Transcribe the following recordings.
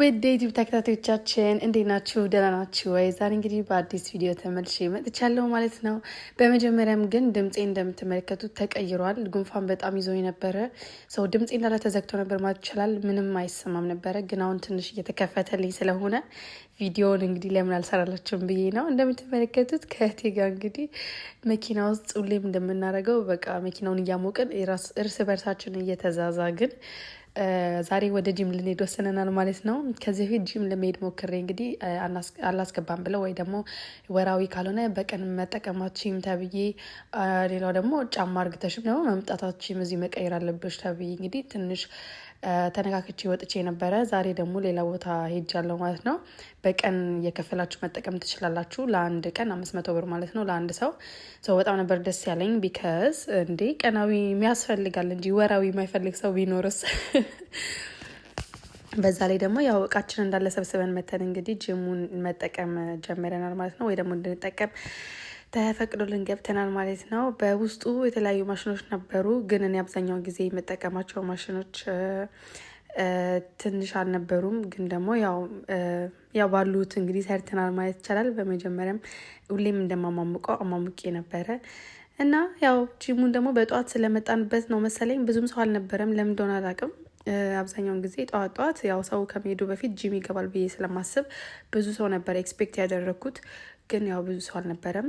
ወደ ዩቲዩብ ተከታታዮቻችን እንዴት ናችሁ? ደህና ናችሁ ወይ? ዛሬ እንግዲህ በአዲስ ቪዲዮ ተመልሼ መጥቻለሁ ማለት ነው። በመጀመሪያም ግን ድምፄ እንደምትመለከቱት ተቀይሯል። ጉንፋን በጣም ይዞ የነበረ ሰው ድምፄ እንዳለ ተዘግቶ ነበር ማለት ይችላል። ምንም አይሰማም ነበረ፣ ግን አሁን ትንሽ እየተከፈተልኝ ስለሆነ ቪዲዮውን እንግዲህ ለምን አልሰራላችሁም ብዬ ነው። እንደምትመለከቱት ከእህቴ ጋር እንግዲህ መኪና ውስጥ ሁሌም እንደምናደርገው በቃ መኪናውን እያሞቅን እርስ በርሳችን እየተዛዛ ግን ዛሬ ወደ ጂም ልንሄድ ወስነናል ማለት ነው። ከዚህ በፊት ጂም ለመሄድ ሞክሬ እንግዲህ አላስገባም ብለው ወይ ደግሞ ወራዊ ካልሆነ በቀን መጠቀማችም ተብዬ፣ ሌላው ደግሞ ጫማ እርግተሽም ደግሞ መምጣታችም እዚህ መቀየር አለብሽ ተብዬ እንግዲህ ትንሽ ተነካክቼ ወጥቼ ነበረ። ዛሬ ደግሞ ሌላ ቦታ ሄጃለሁ ማለት ነው። በቀን የከፈላችሁ መጠቀም ትችላላችሁ። ለአንድ ቀን አምስት መቶ ብር ማለት ነው ለአንድ ሰው ሰው። በጣም ነበር ደስ ያለኝ። ቢከዝ እንዴ ቀናዊ የሚያስፈልጋል እንጂ ወራዊ የማይፈልግ ሰው ቢኖርስ? በዛ ላይ ደግሞ ያው እቃችን እንዳለ ሰብስበን መተን እንግዲህ ጅሙን መጠቀም ጀምረናል ማለት ነው ወይ ደግሞ እንድንጠቀም ተፈቅዶልን ገብተናል ማለት ነው። በውስጡ የተለያዩ ማሽኖች ነበሩ፣ ግን እኔ አብዛኛውን ጊዜ የምጠቀማቸው ማሽኖች ትንሽ አልነበሩም። ግን ደግሞ ያው ባሉት እንግዲህ ሰርተናል ማለት ይቻላል። በመጀመሪያም ሁሌም እንደማማምቀው አማሙቄ ነበረ እና ያው ጂሙን ደግሞ በጠዋት ስለመጣንበት ነው መሰለኝ ብዙም ሰው አልነበረም። ለምን እንደሆነ አላውቅም። አብዛኛውን ጊዜ ጠዋት ጠዋት ያው ሰው ከመሄዱ በፊት ጂም ይገባል ብዬ ስለማስብ ብዙ ሰው ነበር ኤክስፔክት ያደረግኩት። ግን ያው ብዙ ሰው አልነበረም።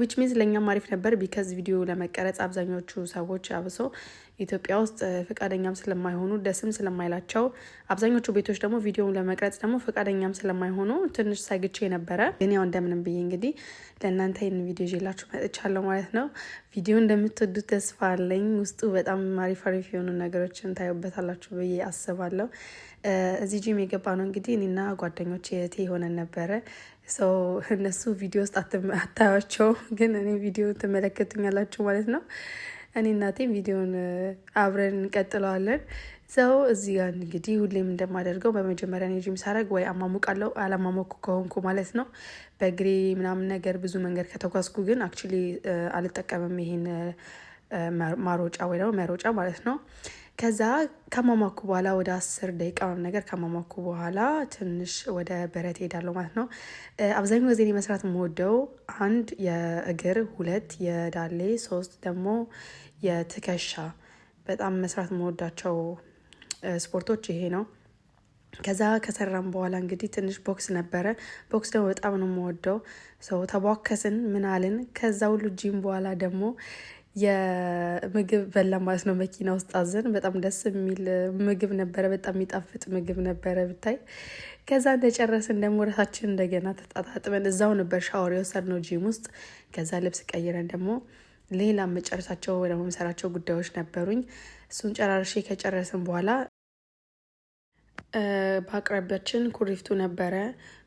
ዊች ሚንስ ለእኛም አሪፍ ነበር ቢከዝ ቪዲዮ ለመቀረጽ አብዛኞቹ ሰዎች አብሶ ኢትዮጵያ ውስጥ ፈቃደኛም ስለማይሆኑ ደስም ስለማይላቸው አብዛኞቹ ቤቶች ደግሞ ቪዲዮውን ለመቅረጽ ደግሞ ፈቃደኛም ስለማይሆኑ ትንሽ ሰግቼ ነበረ። ግን ያው እንደምንም ብዬ እንግዲህ ለእናንተ ይህን ቪዲዮ ይዤላችሁ መጥቻለሁ ማለት ነው። ቪዲዮ እንደምትወዱት ተስፋ አለኝ። ውስጡ በጣም አሪፍ አሪፍ የሆኑ ነገሮችን ታዩበታላችሁ ብዬ አስባለሁ። እዚህ ጂም የገባ ነው እንግዲህ እኔና ጓደኞች የቴ የሆነን ነበረ ሰው እነሱ ቪዲዮ ውስጥ አታያቸው፣ ግን እኔ ቪዲዮ ትመለከቱኛላችሁ ማለት ነው። እኔ እናቴ ቪዲዮን አብረን እንቀጥለዋለን። ሰው እዚህ ጋር እንግዲህ ሁሌም እንደማደርገው በመጀመሪያ ጂም ሳረግ ወይ አማሙቃለው አላማሞኩ ከሆንኩ ማለት ነው። በእግሬ ምናምን ነገር ብዙ መንገድ ከተጓዝኩ ግን አክቹሊ አልጠቀምም ይሄን ማሮጫ ወይ ደግሞ መሮጫ ማለት ነው። ከዛ ከማማኩ በኋላ ወደ አስር ደቂቃ ምናምን ነገር ከማማኩ በኋላ ትንሽ ወደ በረት ሄዳለሁ ማለት ነው። አብዛኛው ጊዜ መስራት የምወደው አንድ የእግር፣ ሁለት የዳሌ፣ ሶስት ደግሞ የትከሻ በጣም መስራት የምወዳቸው ስፖርቶች ይሄ ነው። ከዛ ከሰራም በኋላ እንግዲህ ትንሽ ቦክስ ነበረ። ቦክስ ደግሞ በጣም ነው የምወደው። ሰው ተቧከስን ምናልን ከዛ ሁሉ ጂም በኋላ ደግሞ የምግብ በላ ማለት ነው። መኪና ውስጥ አዘን በጣም ደስ የሚል ምግብ ነበረ። በጣም የሚጣፍጥ ምግብ ነበረ ብታይ። ከዛ እንደጨረስን ደግሞ ራሳችን እንደገና ተጣጣጥበን እዛው ነበር ሻወር የወሰድነው ጂም ውስጥ። ከዛ ልብስ ቀይረን ደግሞ ሌላ መጨረሳቸው ወደ መሰራቸው ጉዳዮች ነበሩኝ። እሱን ጨራርሼ ከጨረስን በኋላ በአቅራቢያችን ኩሪፍቱ ነበረ።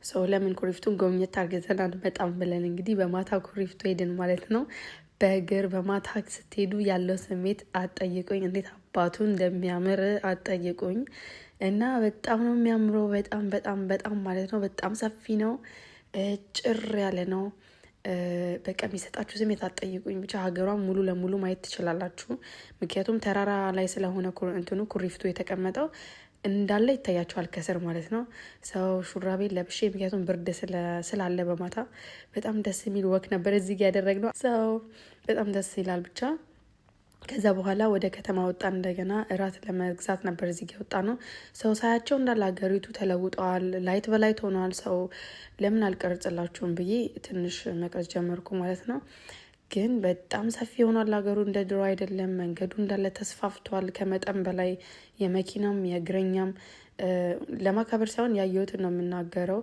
ሰው ለምን ኩሪፍቱን ጎብኘት አድርገን በጣም ብለን እንግዲህ በማታ ኩሪፍቱ ሄድን ማለት ነው። በእግር በማታክ ስትሄዱ ያለው ስሜት አጠይቁኝ እንዴት አባቱ እንደሚያምር አጠይቁኝ እና በጣም ነው የሚያምረው። በጣም በጣም በጣም ማለት ነው። በጣም ሰፊ ነው፣ ጭር ያለ ነው። በቃ የሚሰጣችሁ ስሜት አጠይቁኝ ብቻ ሀገሯን ሙሉ ለሙሉ ማየት ትችላላችሁ። ምክንያቱም ተራራ ላይ ስለሆነ እንትኑ ኩሪፍቱ የተቀመጠው እንዳለ ይታያቸዋል ከስር ማለት ነው። ሰው ሹራቤ ለብሼ ምክንያቱም ብርድ ስላለ በማታ በጣም ደስ የሚል ወክ ነበር እዚህ ጋ ያደረግነው። ሰው በጣም ደስ ይላል ብቻ ከዛ በኋላ ወደ ከተማ ወጣን። እንደገና እራት ለመግዛት ነበር እዚህ ወጣ ነው። ሰው ሳያቸው እንዳለ ሀገሪቱ ተለውጠዋል። ላይት በላይት ሆኗል። ሰው ለምን አልቀርጽላችሁም ብዬ ትንሽ መቅረጽ ጀመርኩ ማለት ነው። ግን በጣም ሰፊ ሆኗል። ሀገሩ እንደ ድሮ አይደለም። መንገዱ እንዳለ ተስፋፍቷል ከመጠን በላይ የመኪናም የእግረኛም። ለማካበር ሳይሆን ያየሁትን ነው የምናገረው።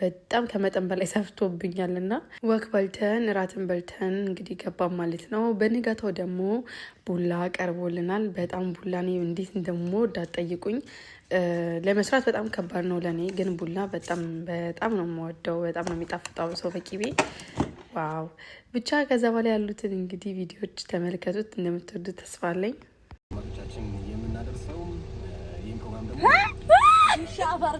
በጣም ከመጠን በላይ ሰፍቶብኛል እና ወክ በልተን እራትን በልተን እንግዲህ ገባም ማለት ነው። በንጋታው ደግሞ ቡላ ቀርቦልናል። በጣም ቡላ እኔ እንዴት እንደሞ አትጠይቁኝ። ለመስራት በጣም ከባድ ነው ለእኔ፣ ግን ቡላ በጣም በጣም ነው የምወደው። በጣም ነው የሚጣፍጠው ሰው በቂቤ ዋው! ብቻ ከዛ በላይ ያሉትን እንግዲህ ቪዲዮዎች ተመልከቱት። እንደምትወዱት ተስፋ አለኝ። ቻችን የምናደርሰው ይህን ፕሮግራም ደግሞ ሻፈር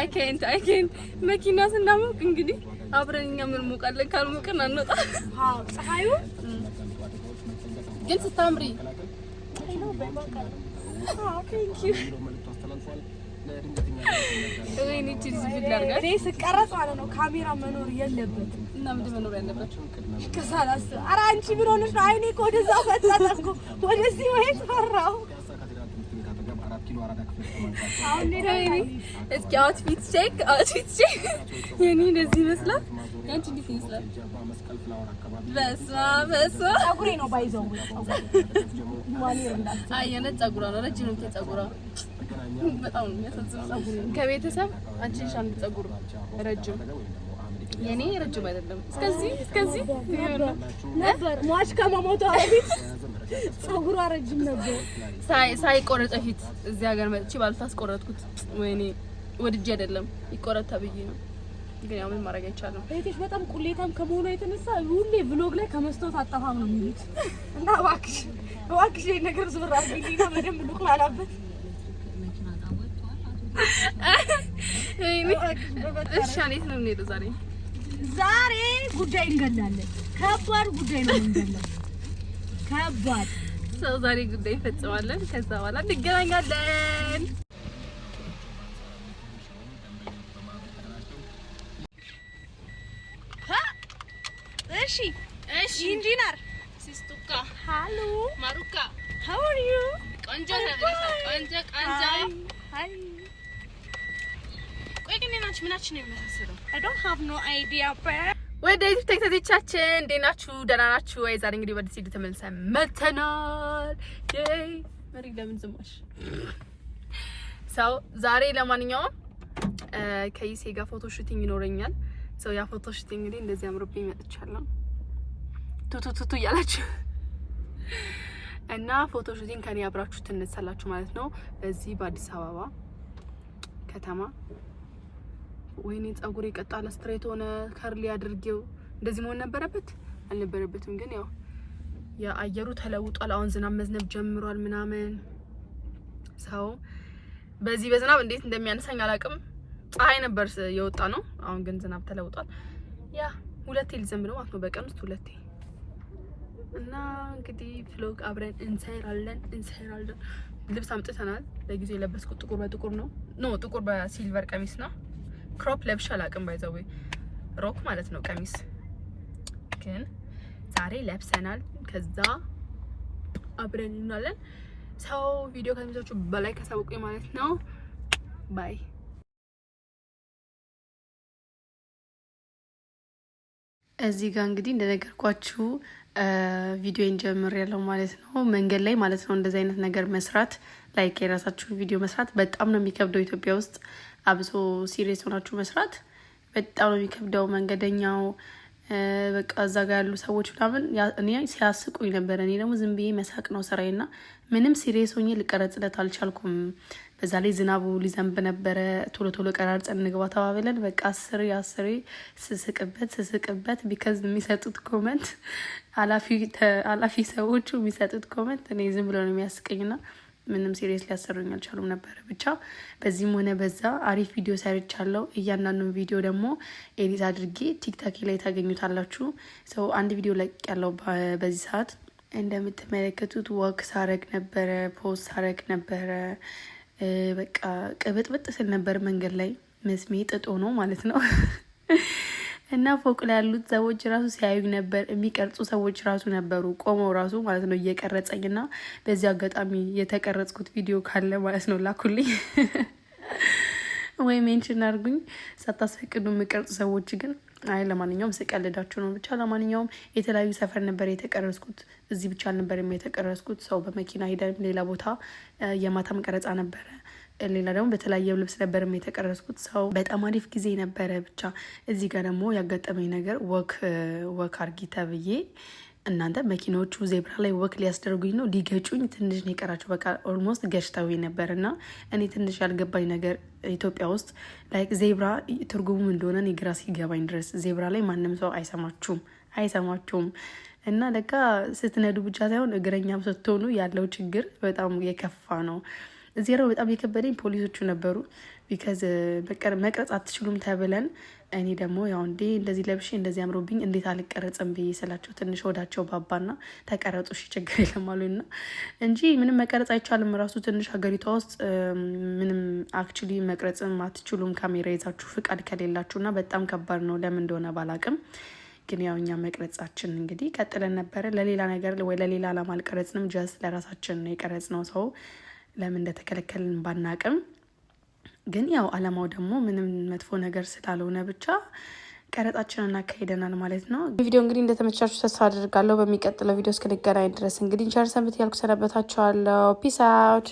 አይ አይከንት መኪና ስናሞቅ እንግዲህ አብረን እኛ ምን ሞቃለን? ካልሞቅን አንወጣ። አዎ ፀሐዩ ግን ስታምሪ ስቀረጽ ማለት ነው ካሜራ መኖር የለበት እና ምንድን መኖር ያለበት ከሳላስ ኧረ አንቺ ምን ሆነሽ ነው? አይኔ እኮ ወደዛ ወደዚህ ፈራሁ ኪሎ አራዳ ክፍል አውትፊት ቼክ አውትፊት ቼክ። የኔ እንደዚህ ይመስላል። ያንቺ እንዴት ይመስላል? በስመ አብ በስመ አብ ፀጉሬ ነው ባይዘው አይ የእውነት ፀጉሯ ነው ረጅም ነው። ፀጉሯ በጣም ነው የሚያሳዝነው። ከቤተሰብ አንቺ ነሽ አንድ ፀጉር ረጅም የኔ ረጅም አይደለም። እስከዚህ እስከዚህ ነበር። ሟች ከመሞቷ በፊት ፀጉሯ ረጅም ነበር። ሳይቆረጥ በፊት እዚህ ሀገር መጥቼ ባልታስቆረጥኩት ወይኔ ወድጄ አይደለም ይቆረጥ ተብዬ ነው። ግን ያው ምን ማድረግ አይቻልም። ቤትሽ በጣም ቁሌታም ከመሆኗ የተነሳ ሁሌ ብሎግ ላይ ከመስታወት አጠፋም ነው የሚሉት እና እባክሽ እባክሽ ነገር ዞር አድርጊና በደንብ ልቁላላበት። እሺ፣ እንዴት ነው የምንሄደው ዛሬ? ዛሬ ጉዳይ እንገላለን። ከባድ ጉዳይ ነው የምንገላው። ከባድ ሰው ዛሬ ጉዳይ እንፈጽማለን። ከዛ በኋላ እንገናኛለን። እሺ እሺ። ኢንጂነር ሲስቱካ ሃሎ፣ ማሩካ ሃው አር ዩ ቆንጆ ቆንጆ ቆንጆ ቆይ ግን እኔና አንቺ ተከታታዮቻችን እንዴት ናችሁ? ደህና ናችሁ ወይ? ዛሬ እንግዲህ በአዲስ ቪዲዮ ተመልሰን መተናል። ዬይ መሪ ለምን ዝም ሰው ዛሬ ለማንኛውም ከይሴ ጋር ፎቶ ሹቲንግ ይኖረኛል። ሰው ያ ፎቶ ሹቲንግ እንግዲህ እንደዚህ አምሮብኝ መጥቻለሁ። ቱቱቱቱ እያላችሁ እና ፎቶ ሹቲንግ ከኔ አብራችሁ ትነሳላችሁ ማለት ነው በዚህ በአዲስ አበባ ከተማ ወይኔ ጸጉር የቀጣለ ስትሬት ሆነ ከርሊ አድርጌው እንደዚህ መሆን ነበረበት አልነበረበትም። ግን ያው የአየሩ ተለውጧል። አሁን ዝናብ መዝነብ ጀምሯል ምናምን ሰው በዚህ በዝናብ እንዴት እንደሚያነሳኝ አላቅም። ፀሐይ ነበር የወጣ ነው። አሁን ግን ዝናብ ተለውጧል። ያ ሁለቴ ሊዘንብ ነው ማለት ነው በቀን ውስጥ ሁለቴ። እና እንግዲህ ፍሎግ አብረን እንሰራለን እንሰራለን። ልብስ አምጥተናል። ለጊዜው የለበስኩት ጥቁር በጥቁር ነው ኖ ጥቁር በሲልቨር ቀሚስ ነው። ክሮፕ ለብሻ አላቅም ባይዘዌ ሮክ ማለት ነው ቀሚስ ግን ዛሬ ለብሰናል። ከዛ አብረን እንላለን። ሰው ቪዲዮ ከሚሰቹ በላይ ከሳውቁ ማለት ነው ባይ እዚህ ጋር እንግዲህ እንደነገርኳችሁ ቪዲዮ ጀምር ያለው ማለት ነው መንገድ ላይ ማለት ነው እንደዚህ አይነት ነገር መስራት ላይክ የራሳችሁን ቪዲዮ መስራት በጣም ነው የሚከብደው። ኢትዮጵያ ውስጥ አብሶ ሲሪየስ ሆናችሁ መስራት በጣም ነው የሚከብደው። መንገደኛው በቃ እዛ ጋር ያሉ ሰዎች ምናምን እኔ ሲያስቁኝ ነበረ። እኔ ደግሞ ዝም ብዬ መሳቅ ነው ስራዬ ስራዬና ምንም ሲሪየስ ሆኜ ልቀረጽለት አልቻልኩም። በዛ ላይ ዝናቡ ሊዘንብ ነበረ። ቶሎ ቶሎ ቀራርጸን እንግባ ተባብለን በቃ አስሬ አስሬ ስስቅበት ስስቅበት ቢከዝ የሚሰጡት ኮመንት ኃላፊ ሰዎቹ የሚሰጡት ኮመንት እኔ ዝም ብሎ ነው የሚያስቀኝና ምንም ሲሪየስ ሊያሰሩኝ አልቻሉም ነበረ። ብቻ በዚህም ሆነ በዛ አሪፍ ቪዲዮ ሰርቻለሁ። እያንዳንዱን ቪዲዮ ደግሞ ኤዲት አድርጌ ቲክታኪ ላይ ታገኙታላችሁ። ሰው አንድ ቪዲዮ ለቅ ያለው በዚህ ሰዓት እንደምትመለከቱት ወክ ሳረግ ነበረ፣ ፖስት ሳረግ ነበረ። በቃ ቅብጥብጥ ስል ነበር መንገድ ላይ መስሜ ጥጦ ነው ማለት ነው። እና ፎቅ ላይ ያሉት ሰዎች ራሱ ሲያዩ ነበር። የሚቀርጹ ሰዎች ራሱ ነበሩ ቆመው ራሱ ማለት ነው እየቀረጸኝ እና በዚህ አጋጣሚ የተቀረጽኩት ቪዲዮ ካለ ማለት ነው ላኩልኝ ወይ ሜንሽን አድርጉኝ። ሳታስፈቅዱ የሚቀርጹ ሰዎች ግን አይ ለማንኛውም ስቀልዳችሁ ነው ብቻ። ለማንኛውም የተለያዩ ሰፈር ነበር የተቀረጽኩት። እዚህ ብቻ አልነበረም የተቀረጽኩት። ሰው በመኪና ሄደን ሌላ ቦታ የማታም ቀረጻ ነበረ ሌላ ደግሞ በተለያየ ልብስ ነበር የተቀረጽኩት። ሰው በጣም አሪፍ ጊዜ ነበረ። ብቻ እዚህ ጋር ደግሞ ያጋጠመኝ ነገር ወክ ወክ አርጊ ተብዬ እናንተ መኪናዎቹ ዜብራ ላይ ወክ ሊያስደርጉኝ ነው፣ ሊገጩኝ ትንሽ ነው የቀራቸው። በቃ ኦልሞስት ገጭተውኝ ነበር እና እኔ ትንሽ ያልገባኝ ነገር ኢትዮጵያ ውስጥ ላይክ ዜብራ ትርጉሙ እንደሆነ ግራ ሲገባኝ ድረስ ዜብራ ላይ ማንም ሰው አይሰማችሁም አይሰማችሁም እና ለካ ስትነዱ ብቻ ሳይሆን እግረኛም ስትሆኑ ያለው ችግር በጣም የከፋ ነው። እዚህ ያለው በጣም የከበደኝ ፖሊሶቹ ነበሩ። ቢካዝ መቅረጽ አትችሉም ተብለን፣ እኔ ደግሞ ያው እንዴ እንደዚህ ለብሼ እንደዚህ አምሮብኝ እንዴት አልቀረጽም ብዬ ስላቸው ትንሽ ወዳቸው ባባና ተቀረጡ እሺ ችግር የለም አሉኝ እና እንጂ ምንም መቀረጽ አይቻልም። ራሱ ትንሽ ሀገሪቷ ውስጥ ምንም አክቹሊ መቅረጽም አትችሉም ካሜራ ይዛችሁ ፍቃድ ከሌላችሁ እና በጣም ከባድ ነው። ለምን እንደሆነ ባላቅም ግን ያው እኛ መቅረጻችን እንግዲህ ቀጥለን ነበረ። ለሌላ ነገር ወይ ለሌላ አላማ አልቀረጽንም። ጀስት ለራሳችን የቀረጽ ነው ሰው ለምን እንደተከለከልን ባናቅም ግን ያው አላማው ደግሞ ምንም መጥፎ ነገር ስላልሆነ ብቻ ቀረጣችን እናካሄደናል ማለት ነው። ቪዲዮ እንግዲህ እንደተመቻቹ ተስፋ አድርጋለሁ። በሚቀጥለው ቪዲዮ እስክንገናኝ ድረስ እንግዲህ ቸር ሰንብት ያልኩ ሰናበታችኋለሁ። ፒስ አውት